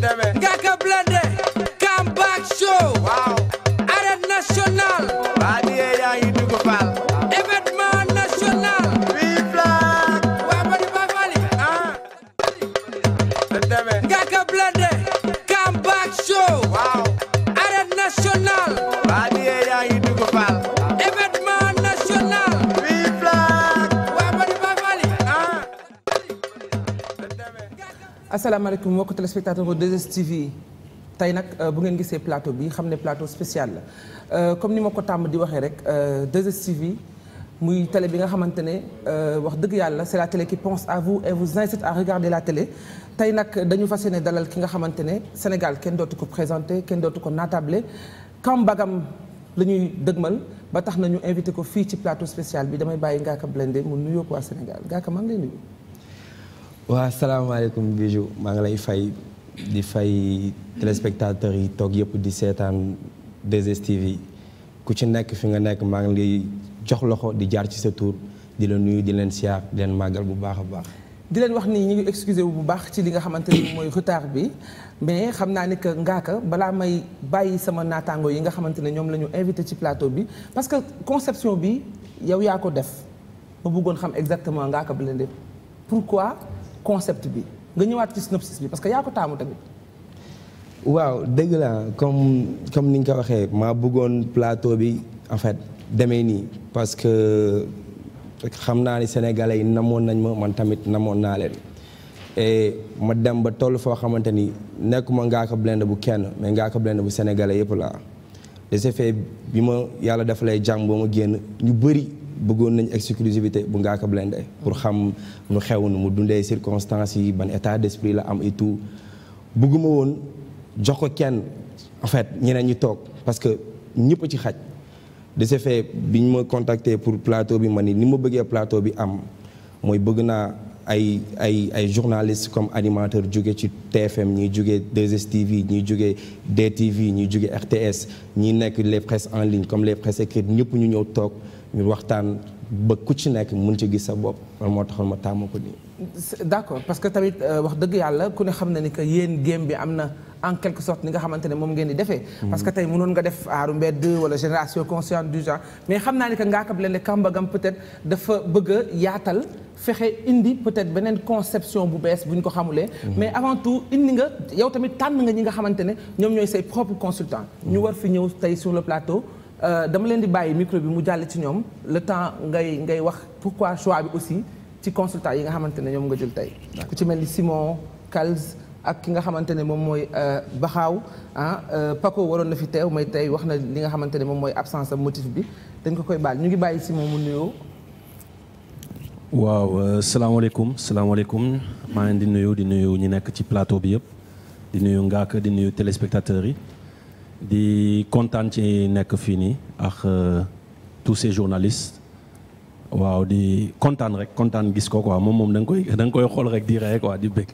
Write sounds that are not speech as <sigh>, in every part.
deme. Ngaka Blindé. asalaamaaleykum mbokki téléspectateur 2STV yi tey nag euh, bu ngeen gisee plateau bi xam ne plateau spécial la euh, comme ni ma ko tàmm di waxee rek euh, 2STV yi muy télé bi nga xamante ne wax dëgg yàlla c'est la télé qui pense à vous et vous incite à regarder la télé tey nag dañu fas yéene dalal ki nga xamante ne Sénégal kenn dootu ko présenté kenn dootu ko naatable kambagam la ñuy dëgmal ba tax nañu invité ko fii ci plateau spécial bi damay bàyyi Ngaaka Blindé mu nuyoo ko waa Sénégal Ngaaka maa ngi lay waaw salaamaaleykum Bijou maa ngi lay fay di fay téléspectateurs yi toog yëpp di seetaan 2STV yi ku ci nekk fi nga nekk maa ngi lay jox loxo di jaar ci sa tur di la nuyu di leen siyaar di leen màggal bu baax a baax. di leen wax nii ñu ngi excusé wu bu baax ci li nga xamante ni mooy retard bi mais xam naa ni que ngaaka balaa may bàyyi sama naataango yi nga xamante ne ñoom la ñu invité ci plateau bi parce que conception bi yow yaa ko def ma bëggoon xam exactement ngaaka bi leen def pourquoi. concept bi nga ñëwaat ci synopsis bi parce que yaa ko taamu tamit. waaw dëgg la comme comme ni nga ko waxee maa bëggoon plateau bi en fait demee nii parce que xam naa ni sénégalais yi namoon nañ ma man tamit namoon naa leen. ma dem ba toll foo xamante ni nekkuma Ngaaka Blindé bu kenn mais Ngaaka Blindé bu sénégalais yëpp laa de ce fait bi ma yàlla dafa lay jàmm ba ma génn ñu bëri. bëggoon nañ exclusivité bu Ngaaka Blindé pour xam nu xew nu mu dundee circonstances yi ban état d'esprit la am et bëgguma woon jox ko kenn en fait ñeneen ñi toog parce que ñëpp a ci xaj de ce bi ñu ma contacté pour plateau bi ma ni ni ma bëggee plateau bi am mooy bëgg naa ay ay ay journalistes comme animateur jóge ci TFM ñuy jóge 2STV ñuy jóge DTV ñuy jóge RTS ñi nekk les presses en ligne comme les presses écrites ñëpp ñu ñëw toog ñu waxtaan bëgg ku ci nekk mu ngi ci gis sa bopp loolu moo taxoon ma taamu ko nii. d'accord parce que tamit euh, wax dëgg yàlla ku ne xam na ni que yéen game bi am na en quelque sorte ni nga xamante ne moom ngeen di defee. Mm-hmm. parce que tey mënoon nga def aaru mbedd wala génération consciente du genre mais xam naa ni que Ngaaka Blindé Kambagam peut-être dafa bëgg a yaatal fexe indi peut-être beneen conception bu bees bu ñu ko xamulee. Mm-hmm. mais avant tout indi nga yow tamit tànn nga ñi nga xamante ne ñoom ñooy say propres consultants. Mm-hmm. ñu war fi ñëw tey sur le plateau. Euh, dama leen di bàyyi micro bi mu jàll ci ñoom le temps ngay ngay wax pourquoi choix bi aussi ci consultant yi nga xamante ne ñoom nga jël tey. ku ci mel ni Simon Kals ak ki nga xamante ne moom mooy euh, Baxaaw ah euh, Paco waroon na fi teew may tey wax na li nga xamante ne moom mooy absence am motif bi dañ ko koy baal ñu ngi bàyyi Simon mu nuyoo. waaw salaamaaleykum salaamaaleykum maa ngi di nuyu di nuyu ñu nekk ci plateau bi yëpp di nuyu Ngaaka di nuyu téléspectateurs yi. di kontaan ci nekk fii nii ak euh, tous ses journalistes waaw di kontaan rek kontaan gis ko quoi moom moom da koy da koy xool rek di ree quoi di bég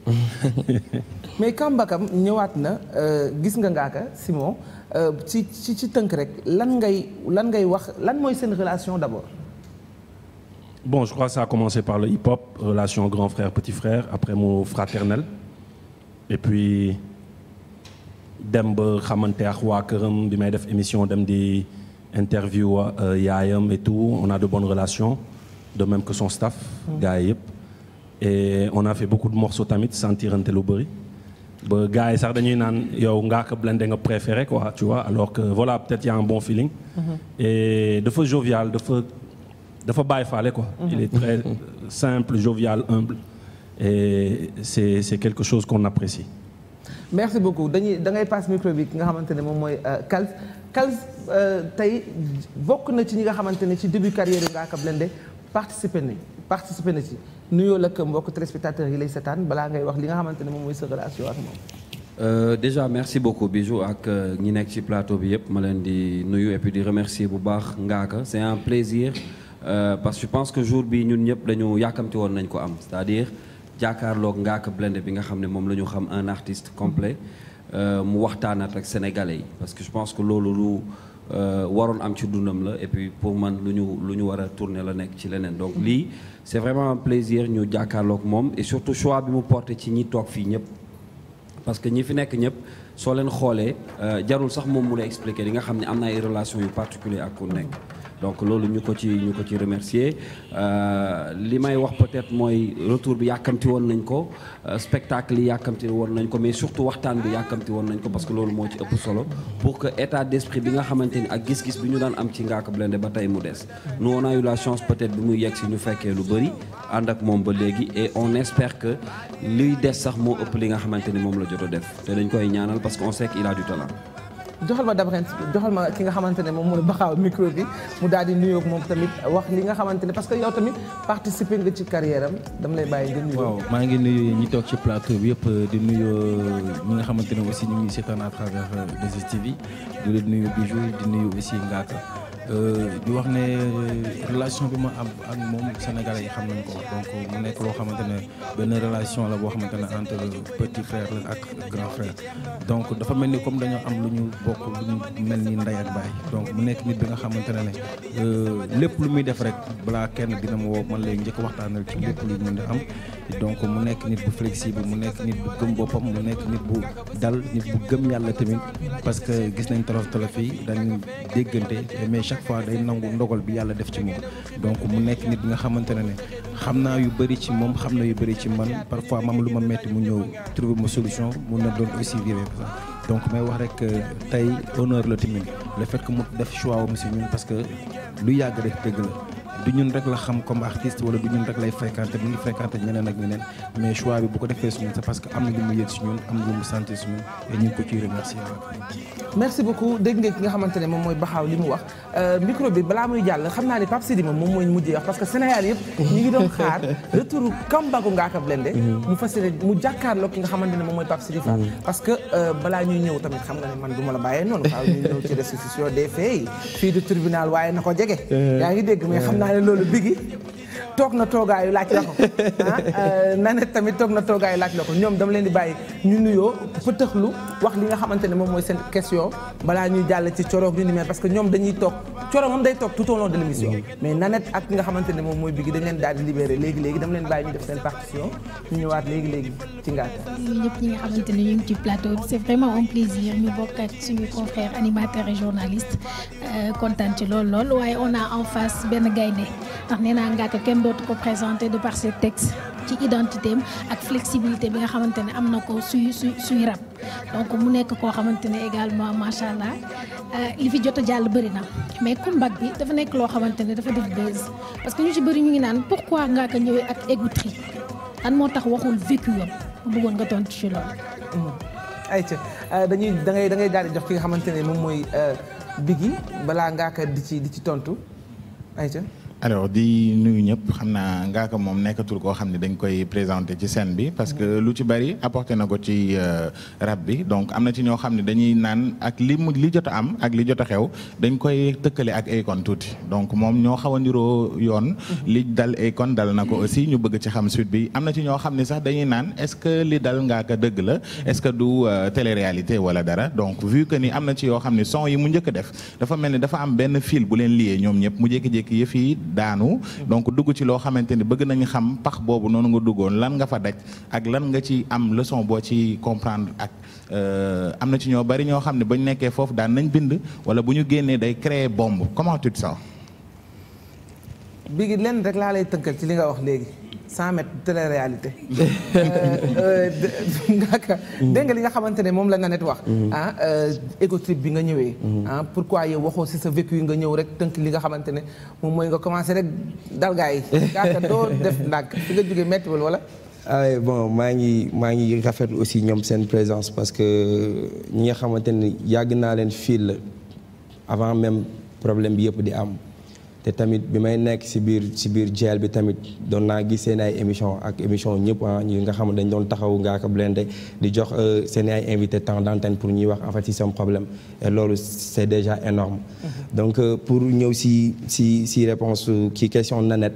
<laughs> mais kàmbakam ñëwaat na euh, gis nga ngaaka Simon euh, ci ci ci tënk rek lan ngay lan ngay wax lan mooy seen relation d'abord. bon je crois ça a commencé par le hip-hop relation grand frère petit frère après mot fraternel et puis. dem ba xamante ak waa may def émission dem di interview euh, yaayam et tout on a de bonnes relations de même que son staff mm. gars yi yëpp et on a fait beaucoup de morceaux tamit sentirante lu bëri ba gars yi sax dañuy naan yow Ngaaka a nga préféré quoi tu vois alors que voilà peut-être a un bon feeling mm-hmm. et dafa jovial dafa dafa bàyyi mm-hmm. il est très <laughs> simple jovial humble et c'est quelque chose qu'on apprécie merci beaucoup dañuy da ngay passe micro bi ki nga xamante ne moom mooy Kals euh, Kals euh, tey bokk na ci ñi nga xamante ne ci début carrière Ngaaka Blindé participer nañ participer na ci nuyoo la ak mbokk téléspectateurs yi lay seetaan balaa ngay wax li nga xamante ne moom mooy sa relation ak moom. Euh, déjà merci beaucoup Bijou ak euh, ñi nekk ci plateau bi yëpp ma leen di nuyu et puis di remercier bu baax Ngaaka c'est un plaisir euh, parce que je pense que jour bi ñun ñëpp dañu yàkkamti woon nañ ko am cest jàkkaarloog Ngaaka Blindé bi nga xam ne moom la ñu xam un artiste complet euh, mu waxtaanaat ak sénégalais yi parce que je pense que loolu lu euh, waroon am ci dundam la et puis pour man lu ñu lu ñu war a tourner la nekk ci leneen donc lii c'est vraiment un plaisir ñu jàkkaarloog moom et surtout choix bi mu porté ci ñi toog fii ñëpp parce que ñi fi nekk ñëpp soo leen xoolee euh, jarul sax moom mu lay expliquer li nga xam ne am na ay relation yu particulier ak ku nekk donc loolu ñu ko ci ñu ko ci remercier euh, li may wax peut-être mooy retour bi yàkkamti woon nañ ko euh, spectacle yi yàkkamti woon nañ ko mais surtout waxtaan bi yàkkamti woon nañ ko parce que loolu moo ci ëpp solo pour que état d'esprit bi nga xamante ni ak gis-gis bi ñu daan am ci Ngaaka Blindé ba tey mu des nous on a eu la chance peut-être bi muy yegg si ñu fekkee lu bëri ànd ak moom ba léegi et on espère que liy des sax moo ëpp li nga xamante ni moom la jot def te dañ koy ñaanal parce que on sait qu'il a du joxal ma Dabren joxal ma ki nga xamante ne moom mooy baxaaw micro bi mu daal di nuyoog moom tamit wax li nga xamante ne parce que yow tamit participer nga ci carrière am dama lay bàyyi nga nuyu. maa ngi nuyu ñu toog ci plateau bi yëpp di nuyu mu nga xamante ne aussi ñu ngi seetaan à travers 2STV euh, di leen nuyu Bijou di nuyu aussi Ngaaka. Euh, di wax ne euh, relation bi ma am ak moom sénégalais yi xam nañ ko donc mu nekk loo xamante ne benn relation la boo xamante ne entre petit frère la ak grand frère donc dafa mel ni comme dañoo am lu ñu bokk lu mel ni ndey ak baay donc mu nekk nit bi nga xamante ne ne euh, lépp lu muy def rek balaa kenn dina ma woo man lay njëkk waxtaanal ci lépp lu mu am donc mu nekk nit bu flexible mu nekk nit bu gëm boppam mu nekk nit bu dal nit bu gëm yàlla tamit parce que gis nañ tolof tolof yi dañ déggante mais chaque fois day nangu ndogal bi yàlla def ci moom donc mu nekk nit bi nga xamante ne ne xam naa yu bëri ci moom xam na yu bëri ci man parfois mam lu ma metti mu ñëw trouver ma solution mun na doon aussi vivre donc may wax rek tey honneur la tamit la fekk mu def choix am si ñun parce que lu yàgg rek dëgg la du ñun rek la xam comme artiste wala du ñun rek lay fréquenté mu ngi fréquenté ñeneen ak ñeneen mais choix bu ko defee suñu c'est parce que am na lu mu yëg si ñun am lu mu santé si ñun euh, moom mooy mujjee wax parce que Sénégal yëpp ñu ngi doon xaar <laughs> retour comeback Ngaaka Blindé mhm. mu fas mu jàkkaarloo ki nga xamante ne moom mooy Pape mhm. parce que euh, balaa ñuy ñëw tamit xam nga ne man du la bàyyee noonu faaw ñuy ñëw ci restitution des faits yi fii du ne loolu bigi toog na toogaayu laaj la ko <laughs> ah euh, la ko ñoom dama leen di bàyyi ñu nuyoo pëtëxlu wax li nga xamante moom mooy seen question balaa ñuy jàll ci coroog yu ni mel parce que ñoom dañuy toog coroog moom day toog tout au de l' émission mm-hmm. mais nanet ak nga xamante ne moom mooy bigi dañ leen daal di libéré léegi léegi dama leen bàyyi ñu def seen partition ñu ñëwaat léegi léegi ci ngàttal ñëpp ñi nga xamante ne ñu ngi ci plateau c' est vraiment un plaisir ñu bokk ak suñu confrère animateur et journaliste euh, kontaan ci a en face benn kenn dootu ko présenté de par ses textes ci identité am ak flexibilité bi nga xamante ne am na ko suy suy suy rab donc mu nekk koo xamante ne également macha allah euh, li fi jot jàll bëri na mais comeback bi dafa nekk loo xamante ne dafa def buzz parce que ñu ci bëri ñu ngi naan pourquoi ngaa ko ñëwee ak égoutri lan moo tax waxul vécu yam bëggoon nga tontu ci loolu. Mmh. ayca euh, dañuy da ngay daal di jox ki nga xamante ne moom mooy euh, Biggi balaa ngaa ko di ci di ci tontu alors di nuyu ñëpp xam naa Ngaaka moom nekkatul koo xam ne dañ koy présenté ci scène bi parce que lu ci bari apporté na ko ci euh, rab bi donc am na ci ñoo xam ne dañuy naan ak li mu li jot am ak li jot a xew dañ koy tëkkale ak Akon tuuti donc moom ñoo xaw a niroo yoon. Mhm. li dal Akon dal na ko aussi ñu bëgg ci xam suite bi am na ci ñoo xam ne sax dañuy naan est que li dal Ngaaka dëgg la mhm. est-ce que du euh, télé wala dara donc vu que ni am na ci yoo xam ne son yi mu njëkk def dafa mel ni dafa am benn fil bu leen lié ñoom ñëpp mu jékki-jékki yëf yi daanu donc dugg ci loo xamante ni bëgg nañu xam pax boobu noonu nga duggoon lan nga fa daj ak lan nga ci am leçon boo ci comprendre ak euh, am na ci ñoo bari ñoo xam ne bañ nekkee foofu daan nañ bind wala bu ñu génnee day créer bomb comment tu te sens bi gi lenn rek laa lay tënkal ci li nga wax léegi cent mètres de la réalité ngaaka euh, dégg nga li nga xamante ne moom la nga net wax ah euh, égo trip bi nga ñëwee mm-hmm. ah pourquoi yow waxoo si sa vécu nga ñëw rek tënk li nga xamante ne moom mooy nga commencé rek dal gaa yi ngaaka doo def ndànk fi nga jógee méttiwul wala ah bon maa ngi maa ngi rafetlu aussi ñoom seen présence parce que ñi nga xamante ne yàgg naa leen la avant même problème bi yëpp di am te tamit bi may nekk si biir si biir jeel bi tamit doon naa gis seen émission ak émission ñëpp a ah, ñu nga xam dañ doon taxaw Ngaaka Blindé di jox euh, seen ay invité temps d'antenne pour ñuy wax en fait si seen problème et loolu c'est déjà énorme mm-hmm. donc euh, pour ñëw si si si kii question Nanette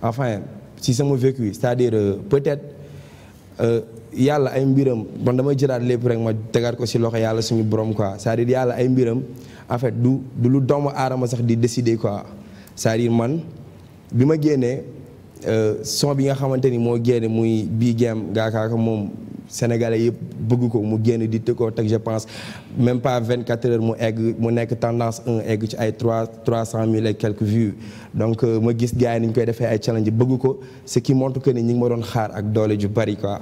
enfin si sama vécu c'est-à-dire euh, peut-être yàlla ay mbiram man damay jëlaat lépp rek ma tegaat ko si loxo yàlla suñu borom quoi c'est-à-dire yàlla ay mbiram en fait du du lu doomu aadama sax di décider quoi cest à man bi ma génnee euh, son bi nga xamante ni moo génne muy bii game gaakaaka moom sénégalais yëpp bëgg ko mu génne di tëkkoo teg je pense même pas vingt quatre heures mu egg mu nekk tendance 1 egg ci ay 3 cent mille et quelques donc euh, ma gis gars yi ni ñu koy defee ay challenge bëgg ko ce qui montre que ñi ngi ma doon xaar ak doole ju bari quoi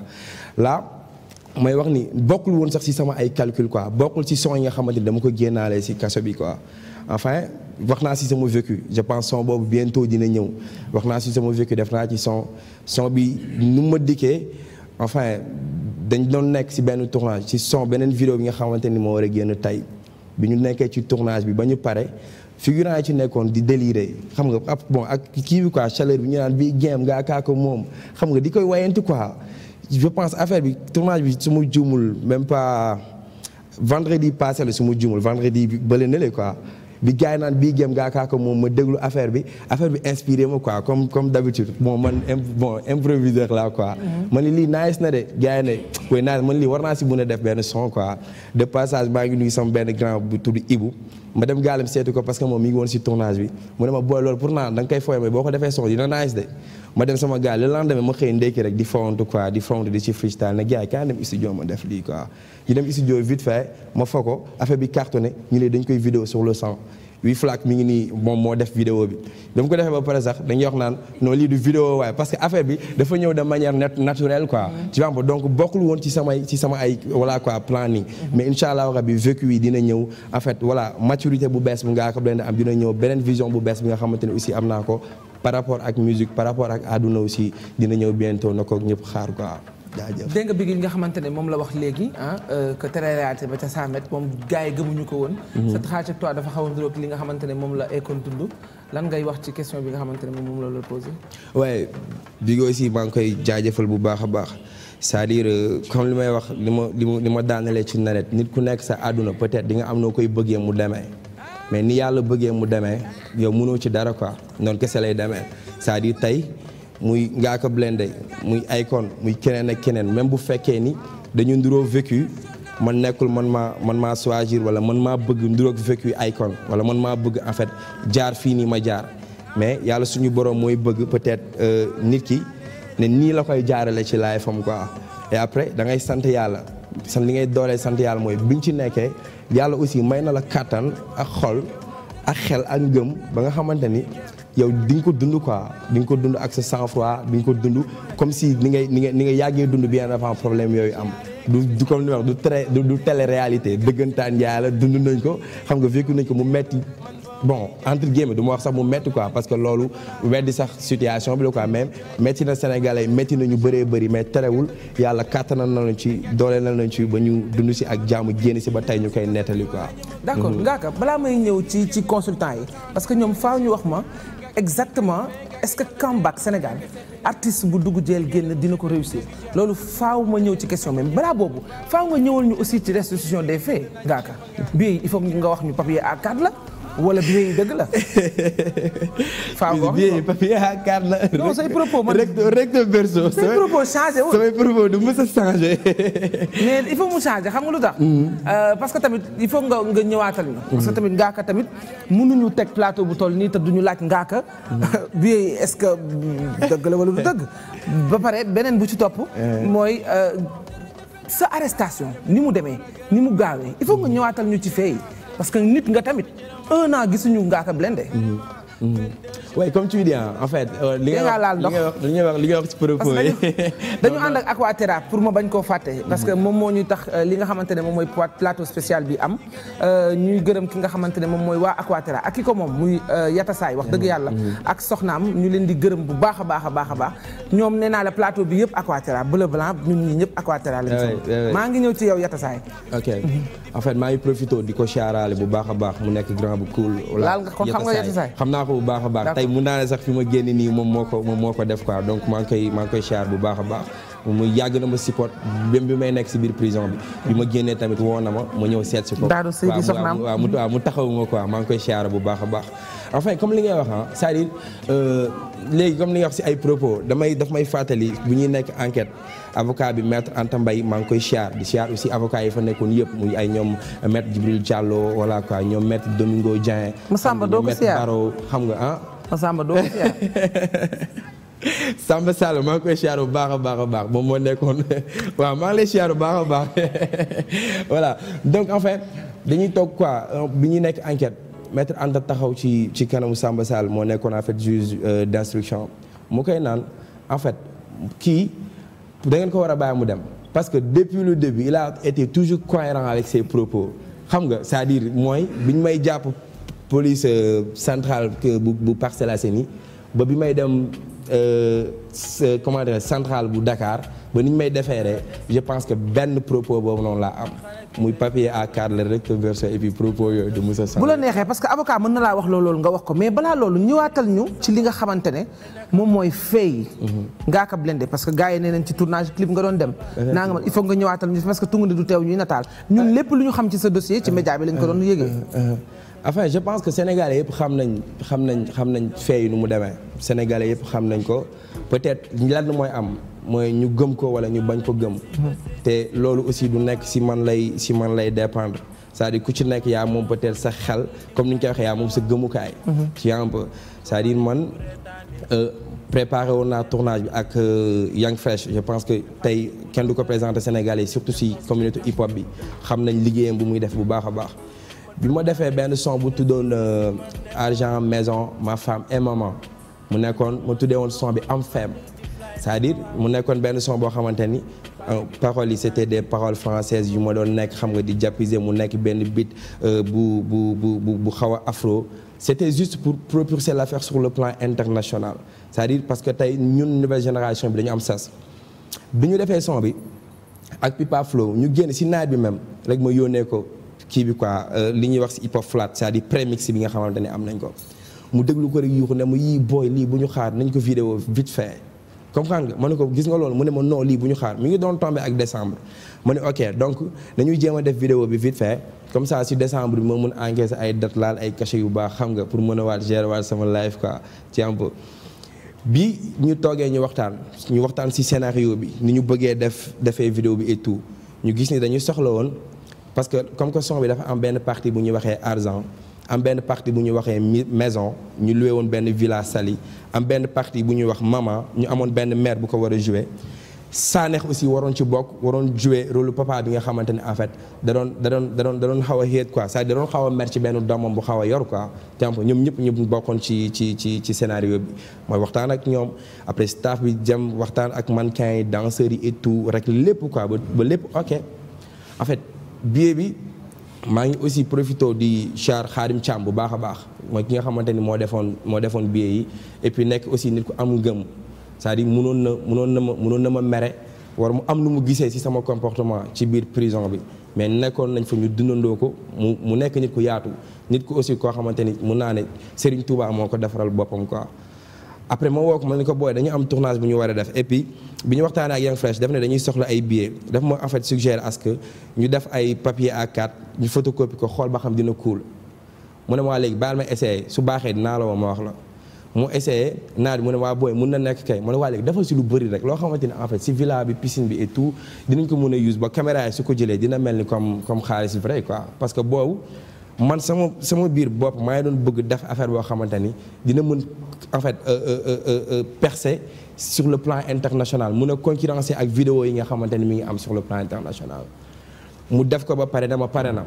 là may wax ni bokkul woon sax si sama ay calcul quoi bokkul si son yi nga xamante ni dama ko génnaale si kaso bi quoi enfin wax naa si sama vécu je pense son boobu bientôt dina ñëw wax naa si sama vécu def naa ci son bi nu ma dikkee enfin dañ doon nekk si benn tournage si son beneen vidéo bi nga xamante ni moo war a génn tey bi ñu nekkee ci tournage bi ba ñu pare figurant yi ci nekkoon di délirer xam nga ab bon ak kii bi quoi chaleur bi ñu naan bii géem nga kaako moom xam nga di koy wayanti quoi je pense affaire bi tournage bi su ma juumul même pas vendredi passé la su ma juumul vendredi bi bële na le bi gars yi naan bii gém ngaa moom ma déglu affaire bi affaire bi inspiré ma quoi comme comme d'habitude improviseur la quoi mm-hmm. ma ni lii nice na de gars yi ne koy nice ma lii war naa si mën a def benn son de passage maa ngi nuyu benn grand bu tudd ma dem gaalam seetu ko parce que moom mi ngi si tournage bi mu ne ma booy loolu pour naan da nga koy fooy ma boo ko defee son dina nice de ma dem sama gars le lendemain ma xëy ndékki rek di fonte quoi di fonte di ci freestyle ne dem studio ma def lii quoi ñu dem studio vite fait sang Wii Flac mi moom moo def vidéo bi dama ko defee ba pare sax dañuy wax naan non lii du vidéo waaye parce que affaire bi dafa ñëw de manière naturelle quoi. tu vois donc bokkul woon ci samay ci sama ay voilà quoi planning. Mm-hmm. mais incha allah rabi vécu yi dina ñëw en fait voilà maturité bu bees bi nga xam ñëw beneen vision bu bees bi nga xamante ne aussi am naa ko. par rapport ak musique par rapport ak àdduna aussi dina ñëw bientôt na ko ñëpp xaar quoi. jaajëf dégg nga bi nga xamante ne moom la wax léegi ah euh, que télé-réalité ba ca 100 mètres moom gars ko woon. Mhm. sa trajectoire dafa xaw a li nga xamante ne moom la Akon dund lan ngay wax ci question bi nga xamante ne moom la la posé. waaye bi aussi maa ngi koy jaajëfal bu baax a baax c'est-à-dire euh, comme li may wax li ma li ma daanalee ci nawet nit ku nekk sa àdduna peut-être di nga am noo koy bëggee mu demee. mais ni yàlla bëggee mu demee yow mënoo ci dara quoi noonu kese lay demee saa à dire tey muy Ngaaka Blindé muy Akon muy keneen ak keneen même bu fekkee ni dañu nduroo vécu man nekkul man maa man maa choisir wala man maa bëgg nduroog vécu Akon wala man maa bëgg en fait jaar fii nii ma jaar mais yàlla suñu borom mooy bëgg peut-être euh, nit ki ne nii la koy jaarale ci life am quoi et après da ngay sant yàlla san ni ngay doolee sant yàlla mooy bi ñu ci nekkee yàlla aussi may na la kàttan ak xol ak xel ak ngëm ba nga xamante ni yow di ko dund quoi di ko dund ak sa sang-froid di ko dund comme si ni ngay ni nga ni nga yàggee dund bien avant problème yooyu am du du comme ni wax du télé du télé réalité dëggantaan yaay la dund nañ ko xam nga vécu nañ ko mu metti bon entre guillemets du ma wax sax mu métti quoi parce que loolu weddi sax situation bi la quoi mais métti na Sénégalais métti na ñu bëree bëri mais terewul yàlla kàttana na nañ ci dooleel na nañ ci ba ñu dund si ak jaamu génn si ba tey ñu koy nettali quoi. d' accord mhm. Ngaaka balaa may ñëw ci ci consultant yi parce que ñoom faaw ñu wax ma exactement est ce que comeback Sénégal artiste bu dugg jël génn dina ko réussir loolu faaw ma ñëw ci question même balaa boobu faaw nga ñëwal ñu aussi ci restitution des faits Ngaaka bii il faut nga wax ñu papier A4 la. wala billet yi dëgg la. <laughs> Faaw billet yi papier à carte la. non say propos man recto recto verso. say changé du mës a changé. <laughs> mais il faut mu changé xam nga lu tax. Mm. Euh, parce que tamit il faut nga nga ñëwaatal ñu. parce que tamit ngaaka tamit teg plateau bu toll nii te duñu laaj ngaaka. Mm. <laughs> billet yi est-ce que dëgg la wala du dëgg. ba pare beneen bu ci topp. Eh. mooy. Euh, sa arrestation ni mu demee ni mu gaawee il faut nga ñëwaatal ñu ci fee yi parce que nit nga tamit un an gisuñu Ngaaka Blindé Mm. oui comme tu dis en fait. Euh, li nga laal ndox pour ma bañ koo fàtte. parce que mm. moom moo ñu tax euh, li nga xamante ne moom mooy plateau spécial bi am. Euh, ñuy gërëm ki nga xamante ne moom mooy waa Aquaterra ak ki ko moom muy Yatasaay wax dëgg mm. yàlla. ak am ñu leen di gërëm bu baax a baax a baax a baax ñoom nee naa la plateau bi yëpp Aquaterra bleu blanc ñun ñii ñëpp Aquaterra lañ soxla. maa ngi ñëw ci yow Yatasaay. ok en fait maa ngi profité di ko siyaaraale bu baax a baax mu nekk grand bu cool. laal xam nga Yatasaay ko bu baax a baax tey mun naa ne sax fi ma génn nii moom moo ko moom moo ko def quoi donc maa ngi koy maa ngi koy siyaar bu baax a baax mu yàgg na ma support même may nekk si biir prison bi bi ma génnee tamit woo na ma ma ñëw seet si ko waaw mu taxaw ma quoi maa ngi koy siyaar bu baax a baax enfin comme li ngay wax ah cest à léegi comme li nga wax si ay propos damay daf may fàttali bu ñuy nekk enquête avocat bi maître Anta Mbaye maa ngi koy char bi char aussi avocat yi fa nekkoon yëpp mu ay ñoom maître Djibril Diallo voilà quoi ñoom maître Domingo Dieng. Massamba doo ko siyaar Baro xam nga ah. Massamba doo ko siyaar. <laughs> Samba Sall maa ngi koy siyaar bu baax a baax a baax moom moo nekkoon <laughs> waaw maa ngi bu baax a baax <laughs> voilà donc en fait dañuy toog quoi euh, bi ñuy nekk enquête. maître Anta taxaw ci ci kanamu Samba Sall moo nekkoon en fait juge euh, d' instruction mu koy naan en fait kii da ngeen ko war a bàyyi mu dem parce que depuis le début il a été toujours cohérent avec ses propos xam nga c'est-à-dire mooy bi ñu may jàpp police euh, centrale bu bu Parcelles Assainies ba bi may dem euh, comment dire centrale bu dakaar ba ni may déféré je pense que benn propos boobu noonu laa am muy papier à cadre recto verso et puis propos yooyu de Moussa Sall bu la neexee parce que avocat mën na laa wax loolu nga wax ko mais balaa loolu ñëwaatal ñu ci li nga xamante ne moom mooy fay mhm. Ngaaka Blindé parce que gars yi ne nañ ci tournage clip nga doon dem naa nga ma il faut nga ñëwaatal ñu parce que tungu du teew ñuy nataal ñun ah. lépp lu ñu xam ci sa dossier ci média euh, euh, euh, pense que sénégalais yëpp xam nañ xam nañ xam nañ fay mu demee sénégalais yëpp xam nañ ko peut-être lan mooy am mooy ñu gëm ko wala ñu bañ ko gëm te loolu aussi du nekk si man lay si man lay dépendre cest ku ci nekk yaa moom peut-être sa xel comme ni ñu koy waxee yaa moom sa gëmukaay ci un peu c'est-à-dire man euh, woon naa tournage ak euh, Young Fresh je pense que tey kenn du ko présenté Sénégalais surtout si communauté hip bi xam nañ liggéeyam bu muy def bu baax a baax bi ma defee benn son bu tuddoon euh, argent maison ma femme et mu nekkoon ma tuddee woon son bi am femme c'est-à-dire mu nekkoon benn son boo xamante ni euh, paroles yi c'était des paroles françaises yu ma doon nekk xam nga di jàppiser mu nekk benn beat euh, bu bu bu bu xaw a afro c'était juste pour la l'affaire sur le plan international cest à parce que tey ñun nouvelle génération bi dañu am sas bi ñu defee son bi ak Pipa Flow ñu génn si nawet bi même rek ma yónnee ko kii bi quoi euh, li ñuy wax si hip hop flat c'est-à-dire bi nga xamante ne am nañ ko mu déglu ko rek yuuxu ne mu yii booy lii bu ñu xaar nañ ko vidéo vite fait comprendre nga ma ne ko gis nga loolu mu ne ma non lii bu ñu xaar mi ngi doon tombé ak décembre ma ne ok donc dañuy jéem a def vidéo bi vite fait comme ça si décembre bi ma mun encaissé ay date laal ay cachet yu baax xam nga pour mën a waat gérer waat sama life quoi ci am bi ñu toogee ñu waxtaan ñu waxtaan si scénario bi ni ñu bëggee def defee vidéo bi et tout ñu gis ni dañuy soxla woon parce que comme que son bi dafa am benn partie bu ñuy waxee argent am benn partie bu ñuy waxee maison ñu loué woon benn villa Saly am benn partie bu ñuy wax mama ñu amoon benn maire bu ko war a joué Sanex aussi waroon ci bokk waroon joué rôle papa bi nga xamante ne en fait da doon da doon da doon da quoi cest à xaw a mer ci benn doomam bu xaw a yor quoi jàmp ñoom ñëpp ñu bokkoon ci ci ci ci scénario bi mooy waxtaan ak ñoom après staff bi jëm waxtaan ak mannequin yi danseurs yi et tout rek lépp quoi ba lépp ok en fait maa ngi aussi profito di char Xaarim Thiam bu baax a baax mooy ki nga xamante ni moo defoon moo defoon billet yi et nekk aussi nit ku am ngëm c'est-à-dire munoon na ma munoon na ma mere war mu am lu mu gisee si sama comportement ci biir prison bi mais nekkoon nañ fa ñu dundandoo ko mu nekk nit ku yaatu nit ku aussi koo xamante ni mun naa ne Serigne Touba moo ko defaral boppam quoi après ma woo ko ma ne ko booy dañu am tournage bu ñu war a def et puis bi ñu waxtaanee ak Young Fresh daf ne dañuy soxla ay billets daf ma en fait suggère à ce que ñu def ay papier A4 ñu photocopie ko xool ba xam dina kuul mu ne maa léegi baal ma essayé su baaxee dinaa la woo ma wax la mu essayé naa mu ne waa booy mun na nekk kay mu ne waa si lu bëri rek loo xamante ni en fait si villa bi piscine bi et tout dinañ ko mën a use ba caméra yi su ko jëlee dina mel ni comme comme xaalis vrai quoi parce que boobu man sama sama biir bopp maa ngi doon bëgg def affaire boo xamante ni dina mën en euh, euh, euh, perse sur le plan international mun a concurrencer ak vidéo yi nga xamante ni mi ngi am sur le plan international mu def ko ba pare dama pare na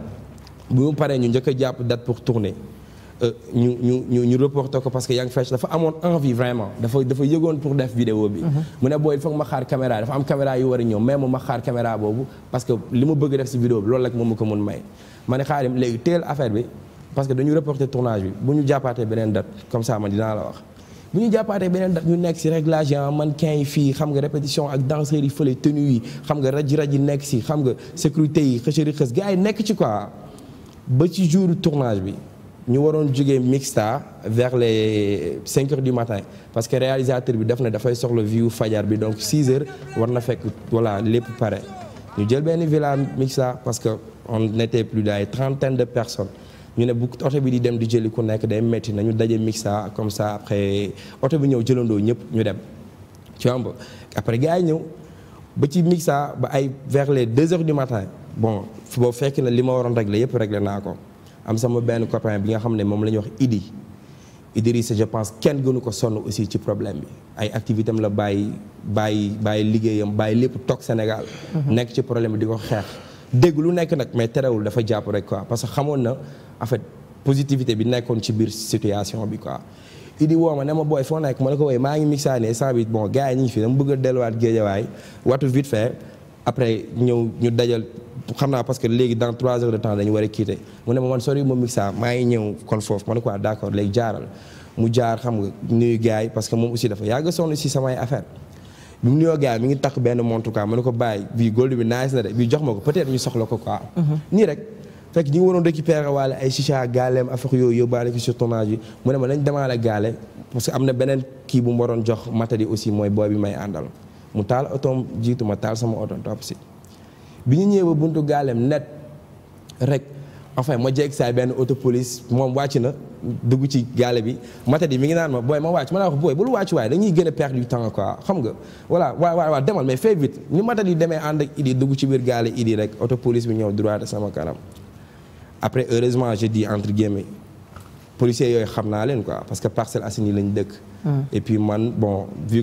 bi mu paree ñu njëkk jàpp date pour tourner euh, ñu ñu ñu ñu reporté ko parce que Young Fresh dafa amoon envie vraiment dafa dafa pour def vidéo bi mhm. mu a booy il faut ma xaar caméra dafa am caméra yu war a ñëw mais moom ma xaar caméra boobu parce que li ma bëgg def si vidéo bi loolu rek moom ma ko mun may ma ne xaarim léegi teel affaire bi parce que dañu reporté tournage bi bu ñu jàppaatee beneen date comme ça la wax bu ñu jàppaatee beneen date ñu nekk si réglage yi ah, mannequin yi fii xam nga répétition ak danseurs yi fële tenue yi xam nga raj raj yi nekk si xam nga sécurité yi xësari xës gars yi nekk ci quoi ba ci jour tournage bi ñu waroon jógee mixta vers les 5 heures du matin parce que réalisateur bi def na dafay soxla view fajar bi donc 6 heures war na fekk voilà lépp pare ñu jël benn villa mixta parce que on était plus d'une trentaine de personnes ñu ne bu oto bi di dem di jëli ku nekk day métti nañu daje mixa comme sa après oto ñëw jëlandoo ñëpp ñu dem ci wàmb après ñëw ba ci mixa ba ay vers les 2 heures du bon boobu fekk na li ma waroon réglé yëpp réglé naa ko am sama benn copain bi nga xam ne moom la ñuy wax Idi Idrissa je pense kenn gënu ko sonn aussi ci problème bi ay activité am la bàyyi bàyyi bàyyi liggéeyam bàyyi lépp toog Sénégal mhm. nekk ci problème bi di ko xeex dégg nekk nag mais terewul dafa jàpp rek quoi parce que xamoon na en fait positivité bi nekkoon ci biir situation bi quoi. Idi woo ma ne ma booy foo nekk ma ne ko woy maa ngi mixaane saa bi bon gars yi ñu a delluwaat ñëw ñu dajal. xam naa parce que léegi dans trois heures de temps dañu war a quitter mu ne ma man sori ma mixa maa ngi ñëw kon foofu ma ne a ah, d'accord léegi jaaral mu jaar xam nga nuyu gars yi parce que moom aussi dafa yàgg sonn si samay affaire bi mu nuyoo a mi ngi takk benn montre quoi mu ne ko bàyyi bii gold bi nice na de bii jox ma ko peut-être ñu soxla ko quoi. Mhm. nii rek fekk ñu ngi waroon récupérer waale ay gaaleem mu ma nañ demaale gaale parce na beneen kii bu mu waroon jox matadi aussi mooy booy bi may àndal mu taal otoom jiitu ma taal sama oto topp si bi ñu ñëwee ba buntu gaaleem net rek. enfin ma jeeg saay benn auto police moom wàcc na dugg ci gaale bi matadi mi ngi naan ma booy ma wàcc ma naa wax booy bul wàcc waaye dañuy gën a perdre du temps quoi xam nga voilà waay waay waaw demal mais fais vite ñu matadi demee ànd ak idi dugg ci biir gaale idi rek auto bi ñëw droit sama kanam après heureusement je dis entre guillemets policiers yooyu xam naa leen quoi parce que Parcelles Assainies lañ dëkk. Hmm. et puis man bon bi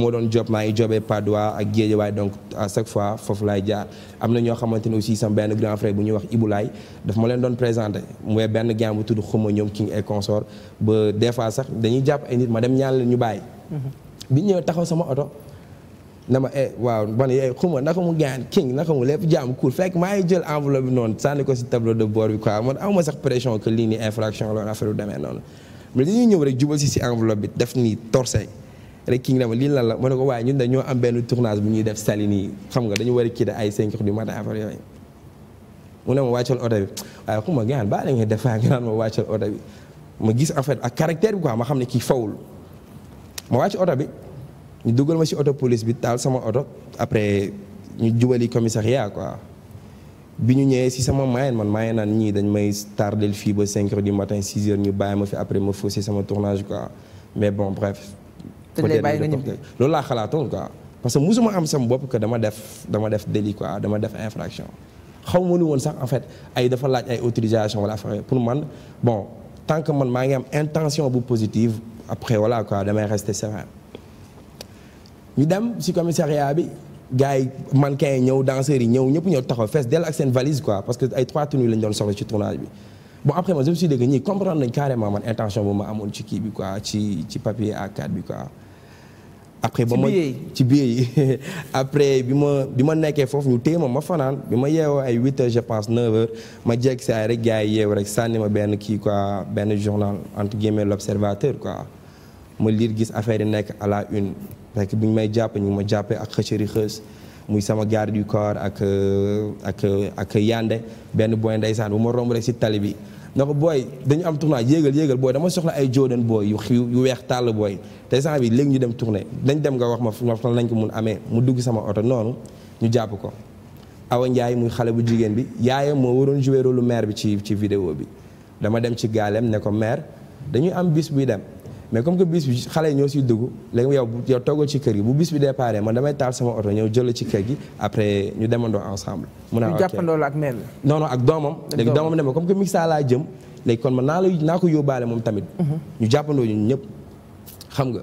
ma doon job maa ngi jobee Padois ak Guédiawaye donc à chaque fois foofu laay jaar am na ñoo xamante ne aussi sama benn grand frère bu ñuy wax Ibulaay daf ma leen doon présenté mooy benn gan bu tudd xuma ñoom King et consort ba des fois sax dañuy jàpp ay nit ma dem ñaan leen ñu bàyyi. Hmm. bi ñëwee taxaw sama oto. ne ma eh waaw man eh xuma naka mu gaan king na mu lépp jàmm cool fekk maa ngi jël enveloppe bi noonu sànni ko si tableau de bord bi quoi man aw ma sax pression que lii nii infraction la affaire demee noonu mais li ñuy ñëw rek def nii torse rek king ne ma lii lan la ma ne ko waaye ñun dañoo am benn tournage bu ñuy def sali nii xam nga dañu war a kii da ay cinq heures du matin affaire yooyu mu ne wàccal oto bi waaye xuma gaan baa la nga def nga naan ma wàccal oto bi ma gis en fait ak caractère ma xam ne kii fawul ma wàcc oto bi ñu dugal ma si auto police bi taal sama oto après ñu jubali commissariat quoi bi ñu ñëwee si sama mayen man mayen naan ñii dañ may tardel fii ba 5 heures du matin 6 heures ñu bàyyi ma fi après ma faussé sama tournage quoi mais bon bref. te lay bàyyi loolu laa xalaatoon quoi. parce que musuma am sama bopp que dama def dama def délit quoi dama def infraction xaw ma lu woon sax en fait ay dafa laaj ay autorisation wala affaire pour man bon tant que man maa ngi am intention bu positive après voilà quoi damay rester serein. ñu dem si commissariat bi gars yi mannequin yi ñëw danseurs yi ñëw ñëpp ñëw tax fees dell ak seen valise quoi parce que ay trois tenues lañ doon soxla ci tournage bi bon après moi je me suis ma amoon ci bi quoi ci ci papier A4 bi quoi. après ba ma ci biir yi <laughs> après bi ma bi ma nekkee foofu ñu téye ma ma fanaan bi ma yeewoo ay 8 heures je pense 9 heures ma jekk si ay rek gars yi rek sànni ma benn kii quoi benn journal entre guillemets l'observateur quoi ma liir gis affaire yi nekk à la une. parce que bi ñu may jàpp ñu ma jàppee ak xëcëri xës muy sama garde du corps ak euh, ak euh, ak yande benn booy ndeysaan bu ma romb rek si tali bi na ko booy dañu am tournoi yéegal yéegal booy dama soxla ay Jordan booy yu yu weex tàll booy te sant bi léegi ñu dem tournée dañ dem ga wax ma ma fan lañ ko mun amee mu dugg sama oto noonu ñu jàpp ko Awa Ndiaye muy xale bu jigéen bi yaayam moo waroon joué rôle lu maire bi ci ci vidéo bi dama dem ci gaaleem ne ko maire dañuy am bis buy mais comme que bis bi xale yi ñoo siy dugg léegi yow yow toggal ci kër gi bu bis bi déparé man damay taal sama oto ñëw jël ci kër gi après ñu demandoo ensemble. mun naa jàppandoo la ak mel. ak doomam. léegi doomam ne ma comme que Mixa laa jëm léegi kon man naa la naa ko yóbbaale moom tamit. Mhm. ñu jàppandoo ñun ñëpp xam nga.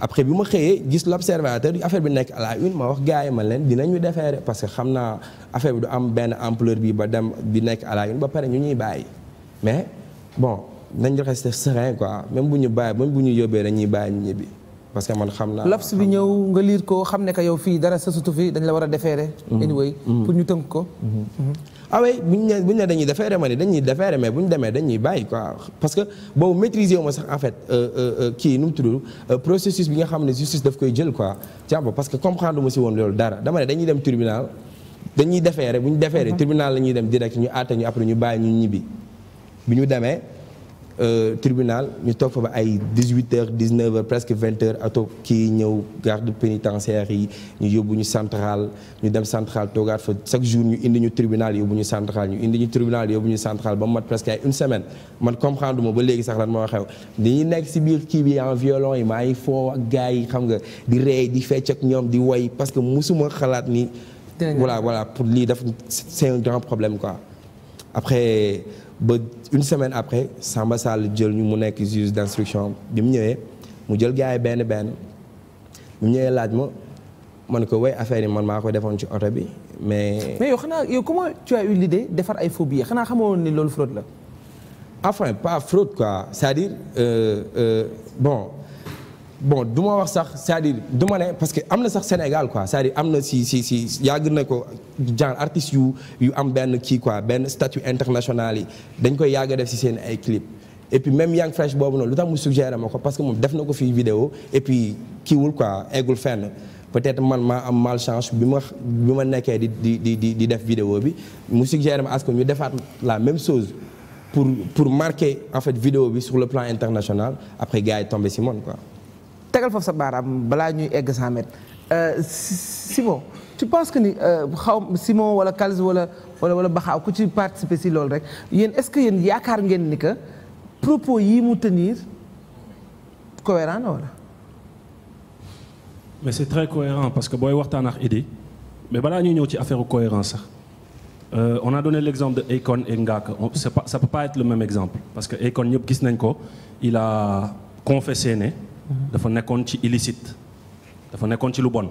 après bi ma xëyee gis l'observateur affaire bi nekk à la une ma wax gars yi ma leen dinañu defeere parce que xam naa affaire bi du am benn ampleur bi ba dem bi nekk à la une ba pare ñu ñuy bàyyi mais bon. nañ rester serein quoi même bu ñu bàyyi même bu ñu yóbbee dañuy bàyyi ñu ñibbi parce que man xam naa. laps bi ñëw nga liir ko xam ne que yow fii dara sësutu fi dañ la war a defeere. Mhm. anyway mhm. pour ñu tënk ko. Mhm. ah oui bu ñu bu ñu ne dañuy defeere ma ne dañuy defeere mais bu ñu demee dañuy bàyyi quoi parce que boobu maîtriser wu ma sax en fait euh, euh, euh, kii nu mu tudd processus bi nga xam ne justice daf koy jël quoi. jàpp parce que comprendre ma si woon loolu dara dama ne dañuy dem tribunal dañuy defeere bu ñu defeere tribunal la ñuy dem direct ñu àtte ñu après ñu bàyyi ñu ñibbi bi ñu demee. Euh, tribunal ñu toog fa ba ay dix-huit heures dix-neuf heures presque vingt heures ato ki ñëw garde pénitentiaire yi ñu yóbbu ñu central ñu dem central toogaat fa chaque jour ñu indi ñu tribunal yóbbu ñu central ñu indi ñu tribunal yóbbu ñu central ba mu mat presque ay une semaine man comprendre ma ba léegi sax lan moo xew dañuy nekk si biir kii bi en violon yi maa ngi foo ak gars yi xam nga di rey di fecc ñoom di woy parce que musuma xalaat ni voilà voilà pour lii daf c'est un grand problème ba une semaine après Samba Sall jël ñu mu nekk juge d'instruction bi mu ñëwee mu jël gars benn benn bi mu ñëwee laaj ma man ko way affaire yi man maa ko defoon ci oto bi mais. <laughs> mais yow xanaa yow comment tu as eu l'idée defar ay faux billets xanaa xamoon ni loolu fraude la. enfin pas fraude quoi c'est-à-dire euh, euh bon. bon du ma wax sax c'est-à-dire ma ne parce que am na sax Sénégal quoi cest à am na si si si yàgg na ko genre artistes yu yu am benn kii quoi benn statut international yi dañ koy yàgg def si seen ay clip et puis même Yang Fresh boobu noonu lu tax mu suggéré ma ko parce que moom def na ko fii vidéo et puis kiiwul quoi eggul fenn peut-être man maa am malchance bi ma bi ma nekkee di di di di def vidéo bi mu suggéré ma asko ñu defaat la même chose pour pour marquer en fait vidéo bi sur le international après gars yi tombé si man quoi tegal foofu sa baaraam balaa ñuy egg 100 euh, Simon tu penses que ni euh, xaw Simon wala Kalz wala wala wala Baxaaw ku ci participer si loolu rek yéen est-ce que yéen yaakaar ngeen ni que propos yii mu tenir cohérent na wala. mais c'est très cohérent parce que booy waxtaan ak Idy mais balaa ñuy ñëw ci affaire cohérence sax euh, on a donné l'exemple de Akon et Ngaka ça peut pas être le même exemple parce que Akon ñëpp gis nañ ko il a confessé ne. dafa nekkoon ci illicite dafa nekkoon ci lu bon.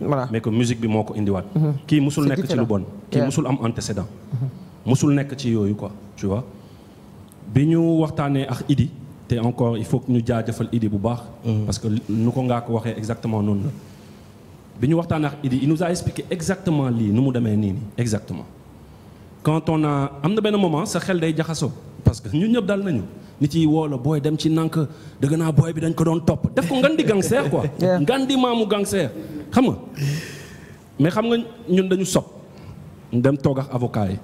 voilà mais que musique bi moo ko indiwaat. Mhm. kii musul nekk ci lu bon. kii musul am antécédent. Mhm. musul nekk ci yooyu quoi tu bi ñu waxtaanee ak Idi te encore il faut que ñu jaajëfal Idi bu baax. Mhm. parce que nu ko ngaa ko waxee exactement noonu la. bi ñu waxtaanee ak Idi il nous a expliqué exactement lii nu mu demee nii nii exactement. quand on am na benn moment sa xel day jaxasoo parce que ñun ñëpp dal nañu. nit yi woolo booy dem ci nànk dëgg naa booy bi dañ ko doon topp def ko ngan di gangster quoi. <laughs> ngan di maamu gangster xam nga mais xam nga ñun dañu sob dem toog ak avocat yi.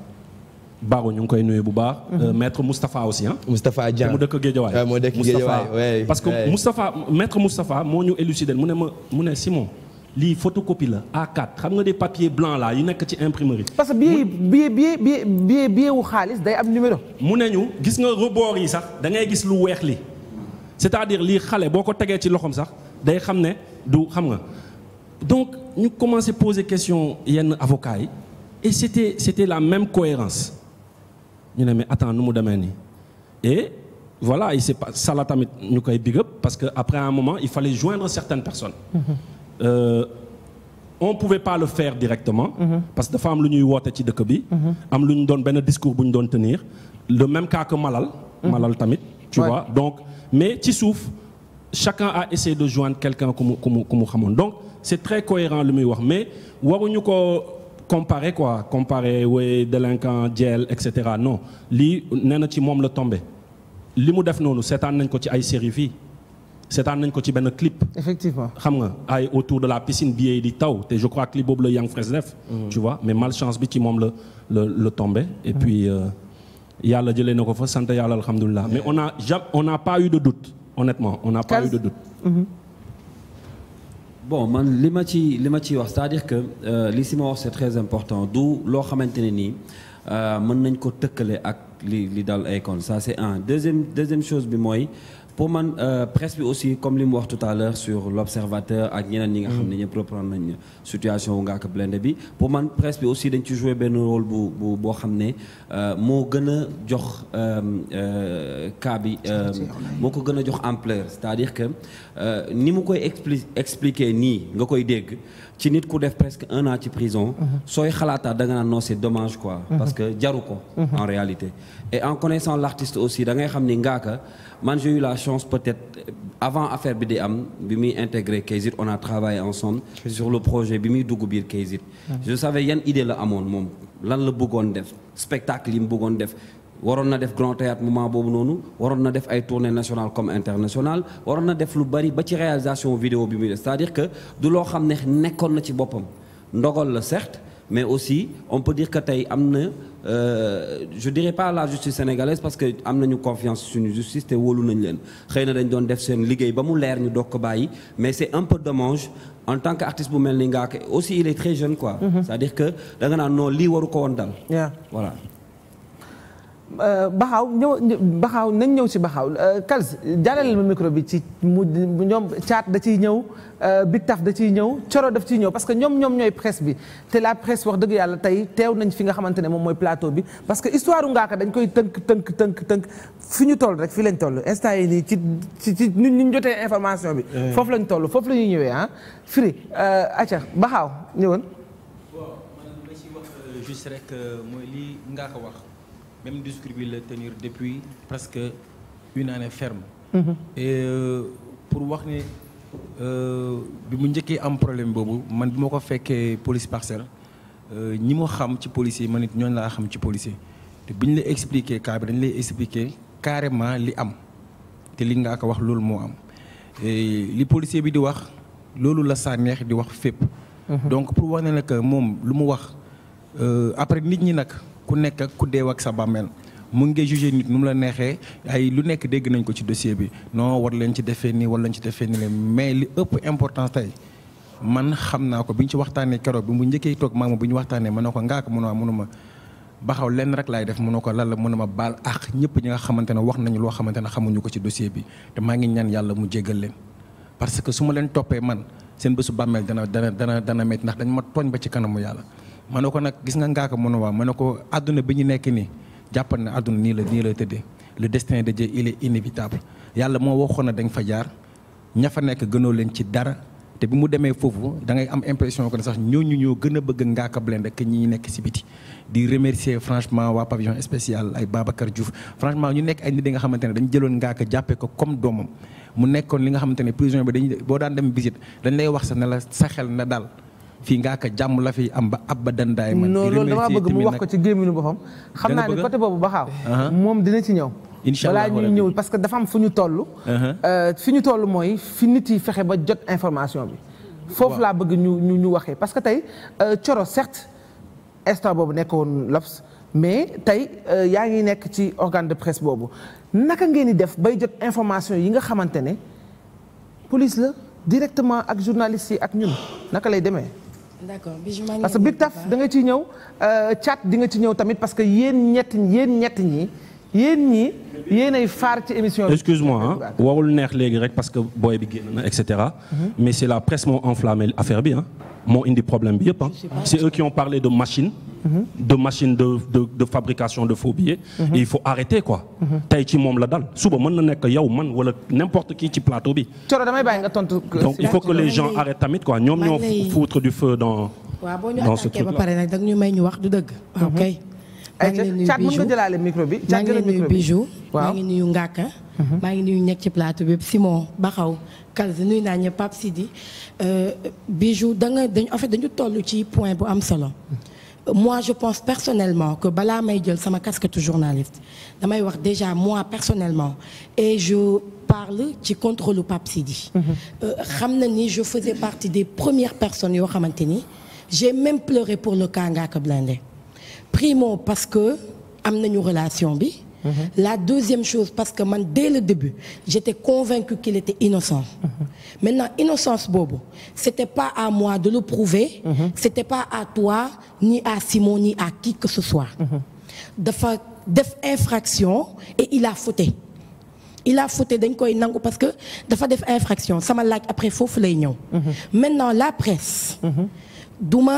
Baro ñu ngi koy nuyu bu baax. Mhm. Euh, maître Moustapha aussi ah. Moustapha Dieng mu dëkk Géejawaay. Ah, moo dëkk Géejawaay parce que Moustapha maître Moustapha moo ñu de mu ne ma mu ne Simon. lii photocopie la A4 xam nga des papiers blancs là yu nekk ci imprimerie. parce que billet billet billet billet billet wu xaalis day am numéro. mu ne ñu gis nga rebord yi sax da ngay gis lu weex li c'est-à-dire lii xale boo ko tegee ci loxoom sax day xam ne du xam nga donc ñu commencé poser question yenn avocats yi et c'était c'était la même cohérence ñu ne mais attends nu mu demee nii et voilà il s'est pas ça la tamit ñu koy big up parce que après un moment il fallait joindre certaines personnes. Mm-hmm. euh, on pouvait pas le faire directement. Mhm. parce que dafa am lu ñuy woote ci dëkk bi. Mhm. am lu ñu doon benn discours bu ñu doon tenir le même cas que Malal. Mhm. Malal tamit tu donc mais ci suuf chacun a essayé de joindre quelqu'un ku mu ku mu mu xamoon donc c'est très cohérent lu muy wax mais waruñu ko comparer quoi comparer wooy délinquant jeel et cetera non lii nee na ci moom la tombe li mu def noonu seetaan nañ ko ci ay série fii. seetaan nañ ko ci benn clip. effectivement xam nga ay autour de la piscine billets di taw te je crois clip boobu la Young Fresh def. Mm. tu vois mais malchance bi ci moom la la la tombé. et mm. puis euh, yàlla jëlee na ko fa sant yàlla alhamdulilah mais on a on n'a pas eu de doute honnêtement on n'a pas eu de doute. Mm-hmm. bon man li ma ci li ma ciy wax c'est-à-dire que euh, li si ma wax c'est très important du loo xamante ne nii euh, mën nañ ko tëkkale ak li li dal Akon ça c'est un deuxième deuxième chose bi mooy. pour man euh, presse bi aussi comme li mu wax tout à l'heure sur l'observateur ak ñeneen ñi nga xam ne ñëpp reprendre nañ situation wu Ngaaka Blindé bi pour man presse bi aussi dañ ci jouer benn rôle bu bu boo xam ne euh, moo gën a jox euh, cas bi moo ko gën a jox ampleur c'est-à-dire que ni mu koy expli expliquer nii nga koy dégg ci nit ku def presque un an ci prison. sooy xalaataat da nga naan non c'est quoi. parce que jaru ko. en réalité et en connaissant l'artiste aussi da ngay xam ni Ngaaka man j'ai eu la chance peut-être avant affaire bi di am bi muy intégré Keizit on a travaillé ensemble sur le projet bi muy dugg biir Keizit. je savais yan idée la amoon moom lan la bëggoon def spectacle yi mu bëggoon def. waroon na def grand théâtre moment boobu noonu waroon na def ay tournée nationale comme international waroon na def lu bari ba ci réalisation vidéo bi muy def c'est-à-dire que du loo xam ne nekkoon na ci boppam ndogal la certes mais aussi on peut dire que tey am na euh, je dirais pas la justice sénégalaise parce que am nañu confiance suñu justice te wóolu nañ leen xëy na dañ doon def seen liggéey ba mu leer ñu doog ko bàyyi mais c'est un peu dommage en tant que artiste bu mel ni Ngaaka aussi il est très jeune mm-hmm. dal voilà Euh, baxaaw ñëw baxaaw nañ ñëw si baxaaw euh, Kals jàllale ma micro bi ci mu ñoom caat da ciy ñëw euh, Big Taf da ciy ñëw Coro def ciy ñëw parce que ñoom ñoom ñooy presse bi te la presse wax dëgg yàlla tey teew nañ fi nga xamante ne moom mooy plateau bi parce que histoire Ngaaka dañ koy tënk tënk tënk tënk fi ñu toll rek fi lañ toll instant yi nii ci ci ci ñu ñu jotee information bi eh. foofu lañ toll foofu la ñuy ñëwee ah firi acca baxaaw ñëwoon waaw mooy li Ngaaka wax même discours bi la tenir depuis presque une année ferme. Mhm. Euh, pour wax ne euh, bi mu njëkkee am problème boobu man bi ma ko fekkee police parcelle euh, ñi mu xam ci policier ma it ñooñu laa xam ci policier te bi ñu lay expliquer cas bi dañu lay expliquer li am te li nga ko wax loolu moo am li policier bi di wax loolu la Sanekh di wax fépp. Mhm. donc pour wax ne nag moom lu mu wax après nit ñi nag. ku nekk ak ku deew ak sa bàmmeel mu ngi jugé nit nu mu la neexee ay lu nekk dégg nañ ko ci dossier bi non war leen ci defee nii war leen ci defee nii mais li ëpp important tey man xam naa ko bi ñu ci waxtaanee keroog bi mu njëkkee toog maama bu ñu waxtaanee mën na ko ngaa ko mënuma mënuma baxaw lenn rek laay def mënoo ko lan la mën a ma baal ñëpp ñi nga xamante ne wax nañu loo xamante ne xamuñu ko ci dossier bi te maa ngi ñaan yàlla mu jéggal leen parce que su ma leen toppee man seen bésu bàmmeel dana dana dana dana ndax dañ ma tooñ ba ci kanamu yàlla ma ne ko nag gis nga ngaaka mën waa ma ko àdduna bi ñu nekk nii jàppal na àdduna nii la nii lay tëddee le destin de Dieu il est inévitable yàlla moo waxoon na dañ fa jaar ña fa nekk gënoo leen ci dara te bi mu demee foofu da ngay am impression que ne sax ñu ñoo gën a bëgg Ngaaka Blindé que ñi nekk si biti di remercier franchement waa pavillon spécial ay Babacar Diouf franchement ñu nekk ay nit yi nga xamante ne dañu jëloon Ngaaka jàppee ko comme doomam mu nekkoon li nga xamante ne prison bi dañuy boo daan dem visite dañ lay wax sax la sa xel na daal fii ngaa ko jàmm la fi am ba abadan daay man non loolu damaa bëgg mu wax ko ci gémminu boppam xam naa ne côté boobu ba xaaw uh-huh. moom dina ci ñëw incha allah balaa ñuy ñëw parce que dafa am fu ñu toll uh-huh. euh, fi ñu toll mooy fi nit yi fexe ba jot information bi foofu laa bëgg ñu ñu ñu waxee parce que tey euh, Coro certes instant boobu nekk woon L'Obs mais tey euh, yaa ngi nekk ci organe de presse boobu naka ngeen di def bay jot information yi nga xamante ne police la directement ak journaliste yi ak ñun naka lay demee d'accord parce que Big Taf da nga ciy ñëw Thiat euh, di nga ci ñëw tamit parce que yéen ñetti yéen ñett ñi yéen ñii yéenay faar ci émission bi. excuse-moi warul neex léegi rek parce que booy bi génn na et cetera. Mhm. mais c'est la presse moo enflammé affaire bi ah. moo indi problème bi yëpp ah. c'est eux qui ont parlé de machine. Mhm. de machine de de de fabrication de faux billets. Mhm. Et il faut arrêter quoi. tey ci moom la dal suba mën na nekk yow man wala n'importe qui ci plateau bi. Thioro damay bàyyi nga tontu. donc il faut que les gens arrêtent tamit quoi ñoom ñoo foutre du feu dans. dans ce truc là waaw boo ñu attaqué ba pare wax du dëgg. Thiat mën nga jëlaale micro bi maa ngi nuyu bijou maa ngi nuyu Ngaka mhm. maa ngi nuyu ñekk ci plateau bi Simon Baxaw Kalz nuyu naa ñëpp Pape Sidi euh, bijou da nga dañ en dañu toll ci point bu am solo euh, moi je pense personnellement que balaa may jël sama casquette journaliste damay wax déjà moi personnellement et je parle ci contrôle Pape Sidi mhm. euh, xam na ni je faisais partie des premières personnes yoo xamante ni j'ai même pleuré pour le cas Ngaka Blindé primo parce que am nañu relation bi. Mm -hmm. la deuxième chose parce que man dès le début j'étais convaincue qu'il était innocent. Mm -hmm. maintenant innocence boobu c'était pas à moi de le prouver. Mm -hmm. c'était pas à toi ni à Simon ni à qui que ce soit. Mhm. dafa def infraction et il a fauté. il a fauté dañ koy nangu parce que dafa def infraction sama laaj après foofu lay ñëw. Mhm. maintenant la presse. Mhm. duma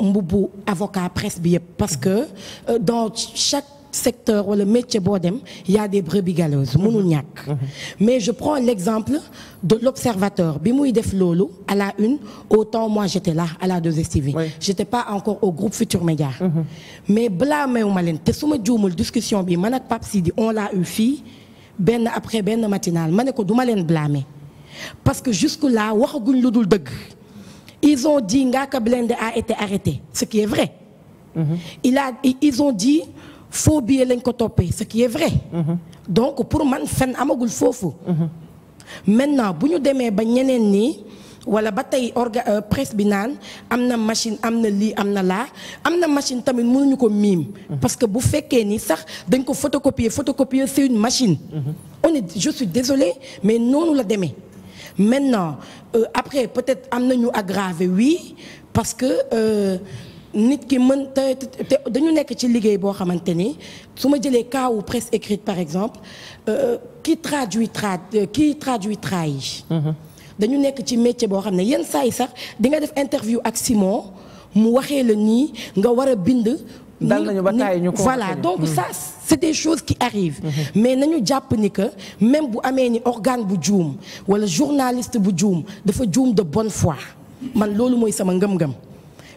mbubbu avocat presse bi yëpp parce que euh, dans chaque secteur wala métier boo dem y des brebis galeuses mënul mhm. ñàkk mhm. mais je prends l'exemple de l'observateur bi muy def loolu à la une autant moi j'étais là à la 2STV oui. j'étais pas encore au groupe Futur Média mhm. mais balaa mayu ma leen te su ma juumul discussion bi man ak Pape Sidi on l'a eu fii benn après benn matinale ma ne ko du leen blâmer parce que jusque là waxaguñ lu dul dëgg Ils ont dit Ngaka Blende a été arrêté, ce qui est vrai. Mm -hmm. Il a, ils ont dit faux billet lañ ko toppee ce qui est vrai. Mhm. donc pour man fen amagul foofu. Mhm. maintenant bu ñu demee ba ñeneen nii wala ba tey orga euh, presse bi naan am na machine am na lii am na laa am na machine tamit mënuñu ko miim. Mhm. parce que bu fekkee ni sax dañ ko photocopier photocopier c'est une machine. on est je suis désolé mais noonu la demee. maintenant euh, après peut-être am na ñu aggravé oui parce que euh, nit ki mën te dañu nekk ci liggéey boo xamante ni su ma jëlee cas wu presse écrite par exemple euh, qui traduit tra qui traduit trahit. Mm-hmm. dañu nekk ci métier boo xam ne yenn saa yi sax di nga def interview ak Simon mu waxee la nii nga war a bind. dal nañu ba ñu ko voilà donc mm-hmm. ça. c'est des choses qui arrivent. Mm-hmm. mais nañu jàpp ni que même bu amee ni organe bu juum wala journaliste bu juum dafa juum de bonne foi man loolu mooy sama ngëm-ngëm.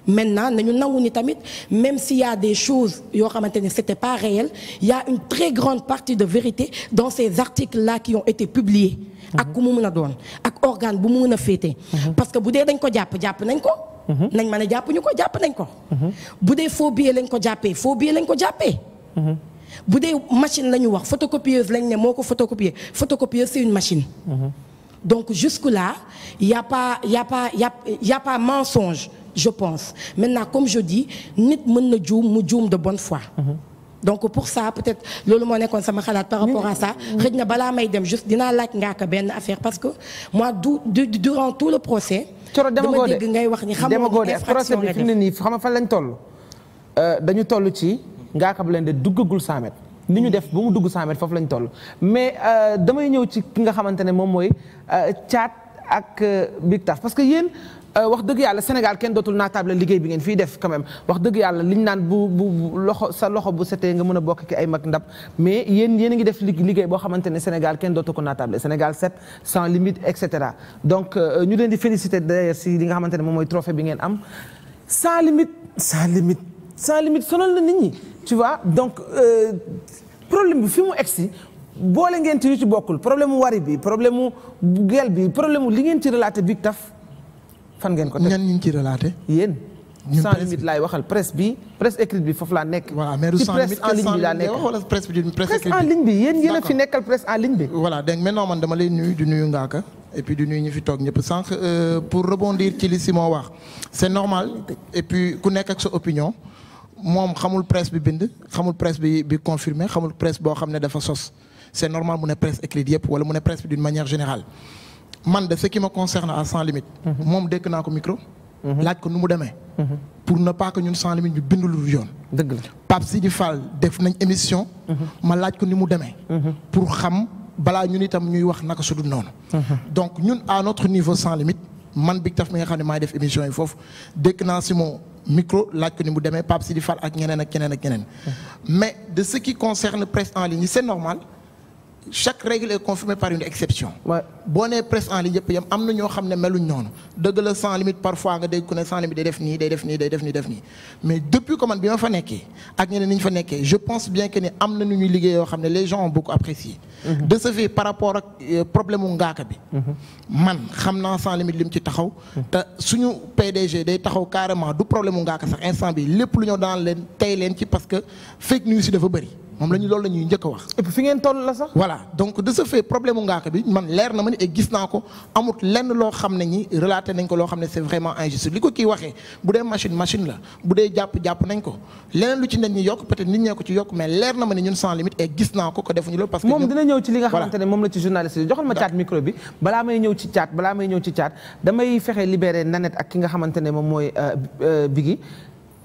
maintenant nañu nangu ni tamit même s'il y des choses yoo xamante ne c'était pas réel y a une très grande partie de vérité dans ces articles là qui ont été publiés mm-hmm. ak ku mu mën a doon ak organe bu mu mën a féete mm-hmm. parce que bu dee dañ ko jàpp jàpp nañ ko nañ mën a jàpp ñu ko jàpp nañ ko bu dee faux lañ ko jàppee faux billet lañ ko jàppee bu dee machine la ñu wax photocopieuse lañ ne moo ko photocopier photocopieuse c'est une machine. Mhm. donc jusque-là y a pas y a pas y a y a mensonge je pense maintenant comme je dis nit mën na juum mu juum de bonne foi. Mhm. donc pour ça peut-être loolu moo nekkoon sama xalaat par rapport à ça na balaa may dem juste dinaa laaj ngaaka benn affaire parce que moi du durant tout le procès. coro dama dégg ngay wax ni. xamoo infraction nga def procès bi fi mu ne nii xam nga lañ toll. Euh, dañu toll ci. Ngaaka Blindé duggagul 100 mètres li ñu def ba mu dugg 100 mètres foofu lañ toll mais euh, damay ñëw ci ki nga xamante ne moom mooy caat euh, ak euh, Big Taf parce que yéen wax dëgg yàlla Sénégal kenn dootul naataable liggéey bi ngeen fii def quand wax dëgg yàlla liñ naan bu bu loxo sa loxo bu setee nga mun a bokk ki ay mag ndab mais yéen yéen a ngi def liggéey boo xamante ne Sénégal kenn dootu ko naataable Sénégal set sans limite et cetera donc ñu leen di féliciter d'ailleurs si li nga xamante ne moom mooy trophée bi ngeen am sans limite sans limite sans limite sonal tu vois donc euh, problème bi fi mu egsi boole ngeen ci yu ci bokkul problème mu wari bi problème mu gel bi problème li ngeen ci relaté bi taf fan ngeen ko teg ñan ñu ci relaté yéen sans limite laay waxal presse bi presse écrite bi foofu laa nekk. voilà mais en ligne bi laa nekk a fi nekkal presse en ligne bi. voilà dégg maintenant man dama lay nuyu di nuyu Ngaaka et puis di nuyu ñi fi toog ñëpp sànq euh, pour rebondir ci li Simon wax c'est normal et puis ku nekk ak sa opinion. moom xamul presse bi bind xamul presse bi bi confirmé xamul presse boo xam ne dafa sos c'est normal mu ne presse écrite yëpp wala mu ne presse bi d'une manière générale man de ce qui me concerne à sans limite. Mhm. moom dëkk naa ko micro. Mhm. laaj ko nu mu demee. Mhm. pour ne pas que ñun sans limite ñu bind lu yoon. dëgg la ni mu demee. pour xam balaa ñun itam ñuy wax naka su dul noonu. donc ñun à notre niveau sans limite man big taf mi nga xam ne maay def émission yi foofu dëkk naa si moom micro laaj ko ni mu demee Pape Sidi Fall ak ñeneen ak keneen ak ñeneen mm-hmm. mais de ce qui concerne presse en ligne c'est normal chaque règle est confirmée par une exception. boo nee presse en ligne yëpp yam am na ñoo xam ne meluñ noonu dëgg la sans limite parfois nga dégg ku ne sans limite day def nii day def nii day def nii mais depuis que man bi ma fa nekkee ak ñeneen ni ñu fa nekkee je pense bien que ni am na nu liggéey yoo xam ne les gens ont beaucoup mm-hmm. de ce fait par rapport ak euh, problème mu ngaaka bi. Mm-hmm. man xam naa sans limite lim ci taxaw. Mm-hmm. te suñu PDG day taxaw carrément du problème moom la ñu loolu la ñuy njëkk a wax. et puis fi ngeen toll la sax. voilà donc de ce fait problème mu ngaaka bi man leer na ma ni et gis naa ko amut lenn loo xam ne ñi relaté nañ ko loo xam ne c'est vraiment injuste li ko kii waxee bu dee machine machine la bu dee jàpp jàpp nañ ko leneen lu ci nit ñi yokk peut-être nit ñee ko ci yokk mais leer na ma ni ñun sans limite et gis naa ko ko defuñu loolu. parce que moom dina ñëw ci li nga xamante ne moom la ci journaliste yi joxal ma caat micro bi balaa may ñëw ci caat balaa may fexe libéré nanet ak ki nga xamante ne moom mooy euh, euh, bigi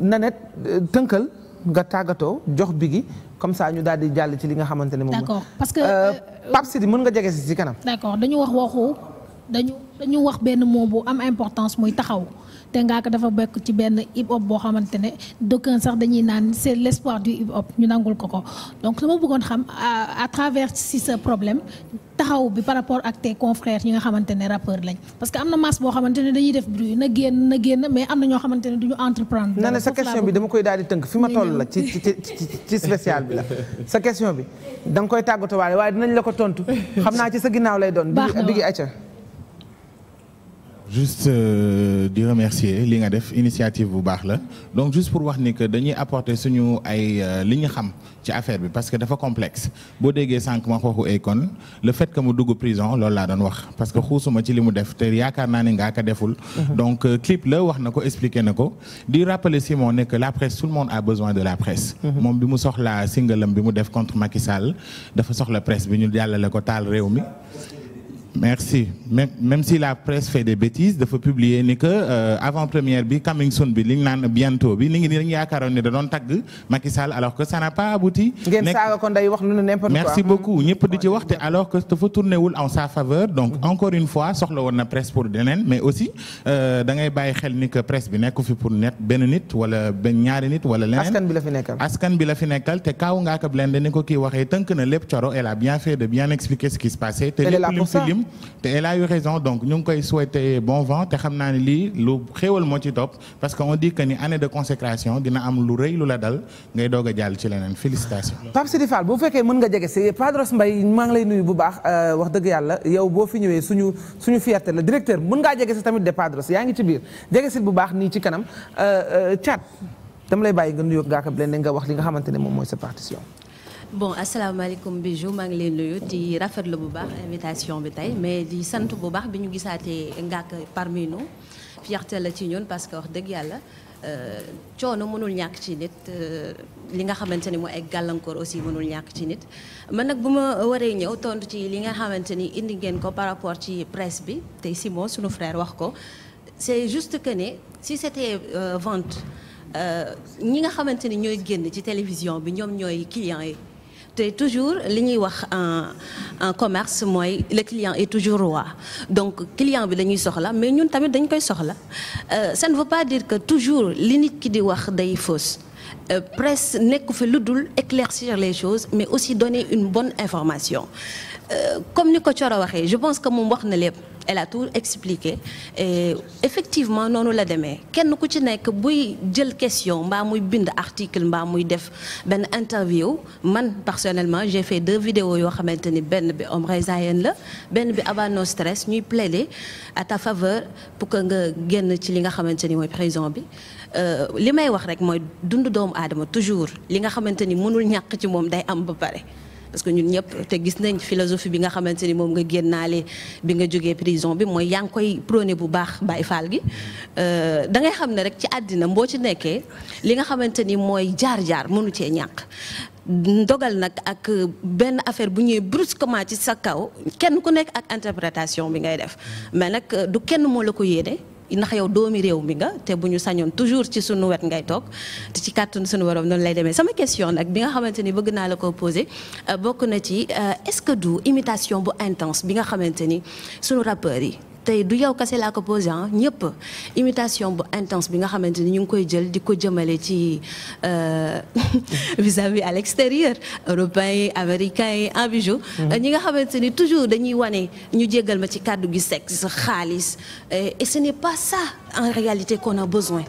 nanet euh, tënkal nga tàggatoo jox bigi comme ça ñu daal di jàll ci li nga xamante ne moom. d'accord parce que euh, euh, Pape Sidi mën nga jege si si kanam. d'accord dañu wax waxu dañu dañu wax benn mot bu am importance muy taxaw. te Ngaaka dafa bokk ci benn hip hop boo xamante ne d'aucuns sax dañuy naan c'est l'espoir du hip hop ñu nangul ko ko donc ma bëggoon xam à travers si ce problème taxaw bi par rapport ak tes confrères yi nga xamante ne rappeur lañ parce que am na masse boo xamante ne dañuy def bruit na génn na génn mais am na ñoo xamante ne du ñu entreprendre. na ne sa question bi dama koy daal di tënk fi ma toll la ci ci bi la sa question bi da koy tàggatuwaale waaye dinañ ko tontu xam naa sa ginnaaw lay doon. baax na waaw juste euh, di remercier li nga def initiative bu baax la donc juste pour wax ni que dañuy apporter suñu ay euh, li ñu xam ci affaire bi parce que dafa complexe boo déggee sànq ma xooxu Akon le fait que mu dugg prison lool la doon wax parce que xuusuma ci li mu def te yaakaar naa ne ngaa ko deful mhm. donc euh, clip la wax na ko expliqué na ko di rappeler Simon ne que la presse tout le monde a besoin de la presse mhm. moom bi mu soxla singalam bi mu def contre Macky dafa soxla presse bi ñu jàllale merci même même si la presse fait des bêtises dafa publier ni euh, avant première bi coming soon bi li ñu naan bientôt bi ni ngi dañu yaakaaroon ne doon tagg Macky alors que ça n'a pas abouti. ngeen saaga ko nday wax lu ne n'importe quoi en sa faveur mm-hmm. soxla woon na presse pour deneen mais aussi euh, da ngay bàyyi xel ni presse bi nekku fi pour net benn nit wala benn ñaari nit wala leneen. askan bi la fi nekkal bi la fi nekkal te kaaw ngaa ko blende ni ko kii waxee tënk na lépp coro elle a bien fait de bien expliquer ce qui te elle a eu raison donc ñu ngi koy souhaiter bon vent te xam naa ne lii lu xéewal moo ci topp parce que on dit que ni année de consécration dina am lu rëy lu la dal ngay doog a jàll ci leneen félicitations. Pape Sidi Fall bu fekkee mën nga jege si Padre Mbaye maa ngi lay nuyu bu baax euh, wax dëgg yàlla yow boo fi ñëwee suñu suñu fierté la directeur mën ngaa jege si tamit de Padre yaa ngi ci biir jege bu baax nii ci kanam euh, euh, Thiat dama lay bàyyi nga nuyoo nga wax li nga xamante ne moom mooy sa partition. bon asalaamaaleykum Bijou maa ngi leen nuyu di rafetlu bu baax invitation bi tey mais di sant bu baax bi ñu gisaatee ngàkk parmi nous fierté la ci ñun parce que wax dëgg yàlla euh, coono mënul ñàkk ci nit euh, li nga xamante ni mooy ay gàllankoor aussi mënul ñàkk ci nit man nag bu ma waree ñëw tontu ci li nga xamante ni indi ngeen ko par rapport ci presse bi te Simon sunu frère wax ko c'est juste que ne si c'était euh, vente ñi nga xamante ni ñooy génn ci télévision bi ñoom ñooy clients yi te toujours li ñuy wax en en commerce mooy le client est toujours roi donc client bi dañuy soxla mais ñun tamit dañ koy soxla euh, ça ne veut pas dire que toujours li nit ki di wax day fausse euh, presse nekku fi lu dul éclaircir les choses mais aussi donner une bonne information euh, comme ni ko Coro waxee je pense que moom wax na lépp. elle a tout expliqué eh, effectivement noonu la demee kenn ku ci nekk buy jël question mbaa muy bind article mbaa muy def benn interview man personnellement j'ai fait deux yoo xamante ni benn bi Omre Zayen la benn bi Aba No Stress ñuy plaider à ta faveur pour nga génn ci li nga xamante ni mooy prison bi euh, li may wax rek mooy dund doomu aadama toujours li nga xamante ni mënul ñàkk ci moom day am ba pare parce que ñun ñëpp te gis nañ philosophie bi nga xamante ni moom nga génnaale bi nga jógee prison bi mooy yaa ngi koy prone bu baax Baay Faal gi euh, da ngay xam ne rek ci àddina mboo ci nekkee li nga xamante ni mooy jaar-jaar mënu cee ñàkk ndogal nag ak benn affaire bu ñëwee brusquement ci sa kaw kenn ku nekk ak interprétation bi ngay def mais nag du kenn moo la ko yéene ndax yow doomi réew mi nga te bu ñu sañoon toujours ci sunu wet ngay toog te ci kàttun sunu waroom noonu lay demee sama question nag bi nga xamante ni bëgg naa la ko poser euh, bokk na ci euh, est-ce que du imitation bu intense bi nga xamante ni sunu rappeurs yi tey du yow kese laa ko posé ah ñëpp imitation bu intense bi nga xamante ni ñu ngi koy jël di ko jëmale ci euh, <laughs> vis-à-vis à l'extérieur européens yi américains yi en bijou mm-hmm. euh, ñi nga xamante ni toujours dañuy wane ñu jéggal ma ci kàddu gi sexe xaalis euh, et ce n'est pas ça en réalité qu'on a besoin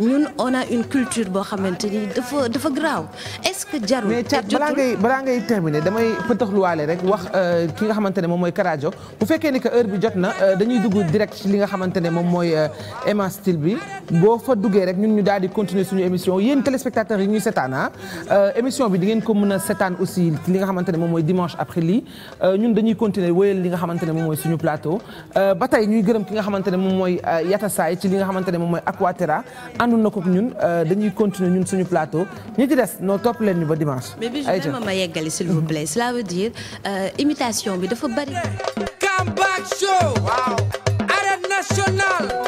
ñun on une culture boo xamante ni dafa dafa grave est-ce que jarul. mais Thiat balaa ngay balaa ngay terminer damay pëtaxluwaale rek wax euh, ki nga xamante ne moom mooy Karajo bu fekkee ni que heure bi jot na euh, dañuy dugg li nga xamante ne moom mooy euh, Emma Style bi boo fa duggee rek ñun ñu daal di continuer suñu émission yéen téléspectateurs yi ñuy seetaan ah émission bi di ngeen ko mën a seetaan aussi li nga xamante ne moom mooy dimanche après lii ñun dañuy continuer wéyal li nga xamante ne moom mooy suñu plateau ba tey ñuy gërëm ki nga xamante ne moom mooy Yata Saay li nga xamante ne moom mooy Aquaterra àndu na ko ñun euh, dañuy continuer ñun suñu plateau ñi ci des noo topp leen ñu ba dimanche. mais bi je ma yeggali s'il vous plaît cela veut dire euh, imitation bi dafa bari. Comeback show. waaw. arène nationale.